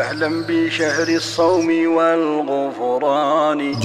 أحلم بشهر الصوم والغفران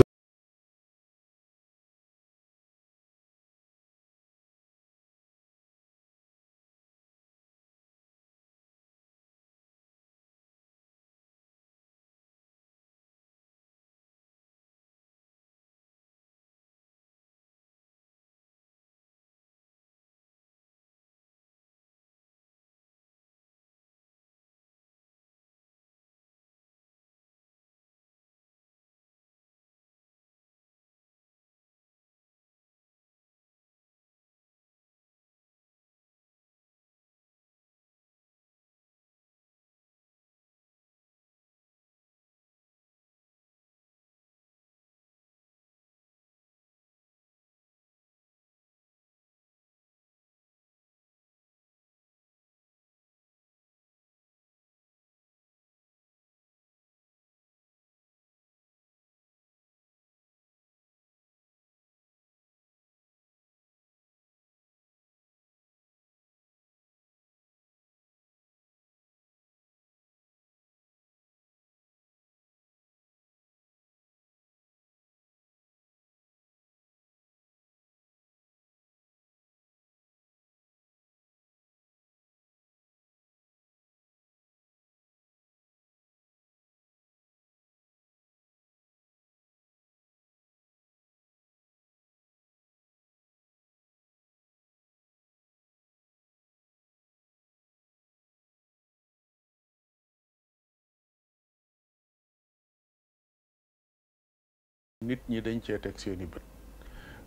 nit ñi dañ cee teg seeni bët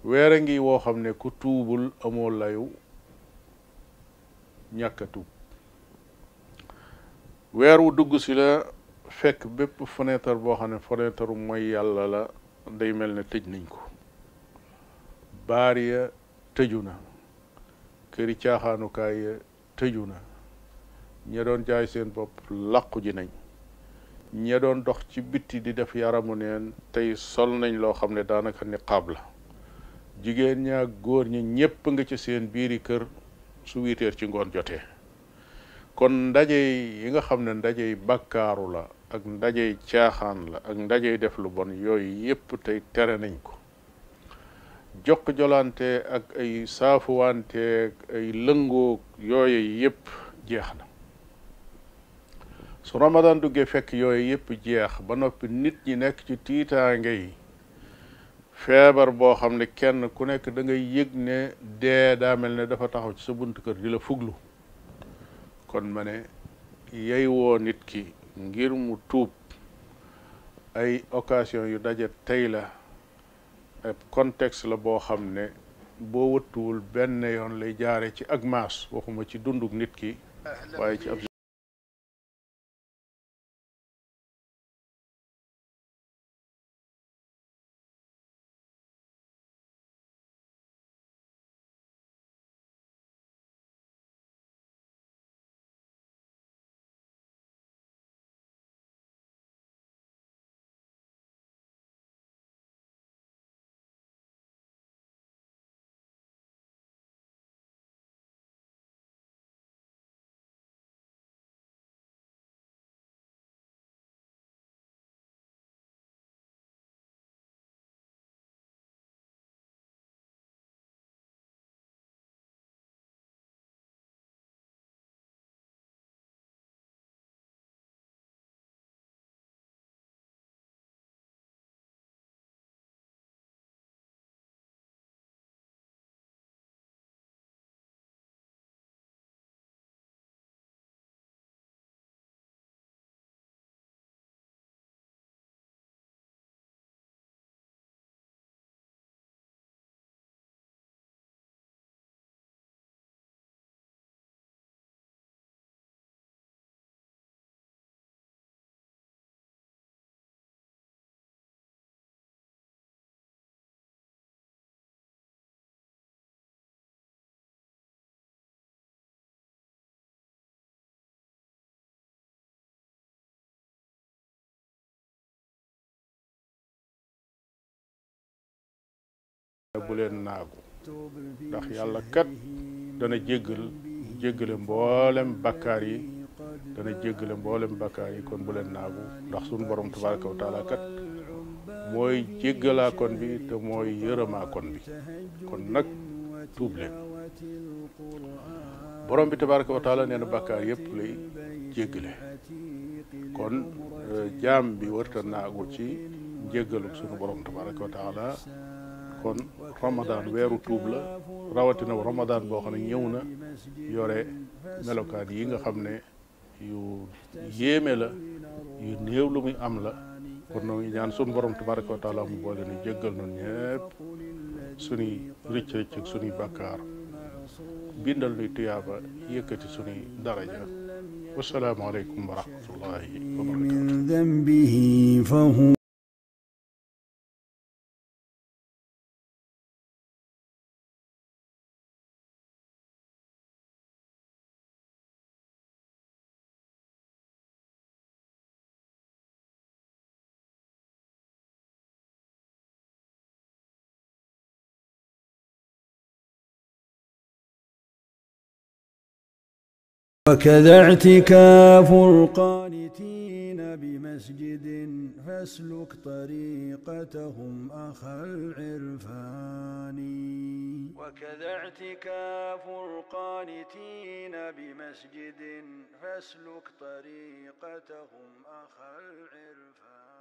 weer a ngi woo xam ne ku tuubul amoo layu ñàkk a tuub weer wu dugg si la fekk bépp fenêtre boo xam ne fenêtre mooy yàlla la day mel ne tëj nañ ko baar ya tëju na këri caaxaanukaay ya tëju na ña doon jaay seen bopp làqu ji nañ ña doon dox ci bitti di def yaramu neen tey sol nañ loo xam ne daanaka niqaab la jigéen ñaa góor ñi ñépp nga ci seen biiri kër su wiiteer ci ngoon jotee kon ndaje yi nga xam ne ndaje yi bàkkaaru la ak ndaje caaxaan la ak ndaje def lu bon yooyu yépp tey tere nañ ko jokk jolante ak ay saafuwante ay lëngoo yooyu yépp jeex na su ramadan duggee fekk yooyu yëpp jeex ba noppi nit ñi nekk ci tiitaange yi feebar boo xam ne kenn ku nekk da ngay yëg ne dee daa mel ne dafa taxaw ci sa buntu kër di la fuglu kon ma ne yey woo nit ki ngir mu tuub ay occasion yu daje tey la ab contexte la boo xam ne boo wëttuwul benn yoon lay jaare ci ak maas waxuma ci dunduk nit ki waaye ci ab bu leen naagu ndax yàlla kat dana jéggal jéggale mboolem bakkaar yi dana jéggale mboolem bakkaar yi kon bu leen naagu ndax sunu borom tabaraka wa taala kat mooy jéggalaa bi te mooy yërëmaa kon bi kon nag tuub leen borom bi tabaraka wa taala nee na bakkaar yépp lay jéggale kon eh, jaam bi warta naagu ci njéggalu sunu borom tabaraka wa taala kon Ramadan weeru tuub la rawatina wu Ramadan boo xam ne ñëw na yore melokaan yi nga xam ne yu yéeme la yu néew lu muy am la kon noo ngi ñaan sunu borom tabaraka wa taala mu boole nu jéggal noonu ñëpp sunuy rëcc rëcc ak sunuy bakkaar bindal nuy tuyaaba yëkkati sunuy daraja wassalaamu aleykum wa rahmatullahi wa barakatuh وكذا اعتكاف القانتين بمسجد فاسلك طريقتهم أخا العرفان وكذا اعتكاف القانتين بمسجد فاسلك طريقتهم أخا العرفان